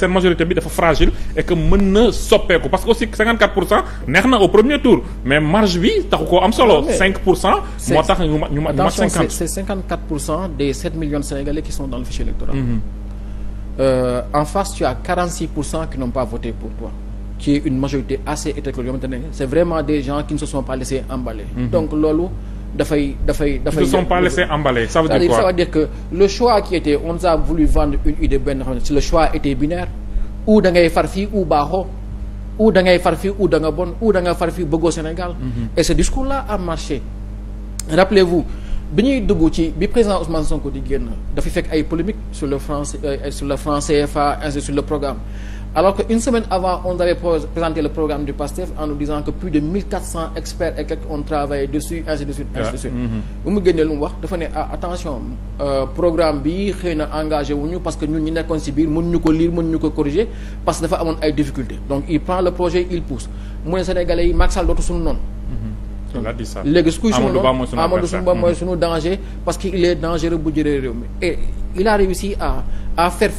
seen majorité bi dafa fragile et que mën na soppeeku parce que aussi 54 pour cent neex na au premier tour mais marge bi taxu koo am solo. 5 pour cent moo tax ñu ñu mat 50 c'est 54 pour cent des 7 millions de Sénégalais qui sont dans le fichier électoral. Mm -hmm. euh, en face tu as 46 pour cent qui n'ont pas voté pour toi. qui est une majorité assez hétéroclite yoo xamante ne c'est vraiment des gens qui ne se sont pas laissés emballer. Mm -hmm. donc loolu. dafay dafay dafay. ils ne sont pas laissés emballer ça veut dire quoi ça que le choix qui était on nous a voulu vendre une idée benn xam ne le choix était binaire ou da ngay far fii ou baaxoo ou da ngay far fii ou da nga bon ou da nga far fii bëggoo Sénégal. Mhm. et ce discours là a marché. rappelez-vous bi ñuy dugg ci bi président Ousmane Sonko di génn dafay fekk ay polémiques sur le franc euh, sur le franc CFA ainsi sur le programme. alors que une semaine avant on avait présenté le programme du PASTEF en nous disant que plus de experts et quelques ont travaillé dessus ainsi de ah, mm-hmm. mu génnee lu mu wax dafa ne ah, attention euh, programme bi xëy na engagé wuñu parce que ñun ñi nekkoon si ñu ko lire mën ñu ko corriger parce que dafa amoon ay difficultés donc il prend le projet il pousse mu ne Sénégalais yi Macky Sall dootu noonu mm-hmm. léegi su kuy suñu noonu Amadou Ba mooy mm-hmm. danger parce que il est dangereux à à faire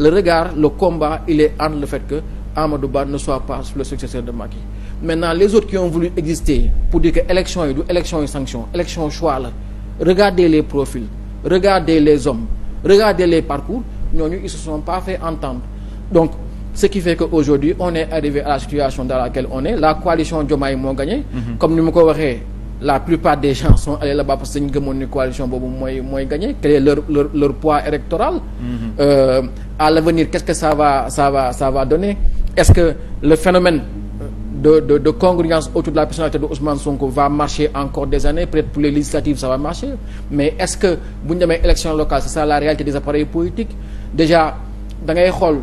le regard le combat il est entre le fait que Amadou Ba ne soit pas le successeur de Macky maintenant les autres qui ont voulu exister pour dire que élection yi du élection yi sanction élection choix la regardez les profils regardez les hommes regardez les parcours ñooñu ils se sont pas fait entendre donc ce qui fait que aujourd'hui on est arrivé à la situation dans laquelle on est la coalition Diomaye moo gagné. Mm-hmm. comme ni ma ko waxee la plupart des gens son allés là-bas parce que ñu gëmoon ni coalition boobu mooy mooy gagné quel est leur leur leur poids électoral. Mm-hmm. Euh, à l'avenir qu'est-ce que ça va ça va donner est-ce que le phénomène. de de de congruence autour de la personnalité de Ousmane Sonko va marcher encore des années peut-être pour les législatives ça va marcher mais est-ce que bu ñu demee élection locale c'est ça la réalité des appareils politiques déjà da ngay xool.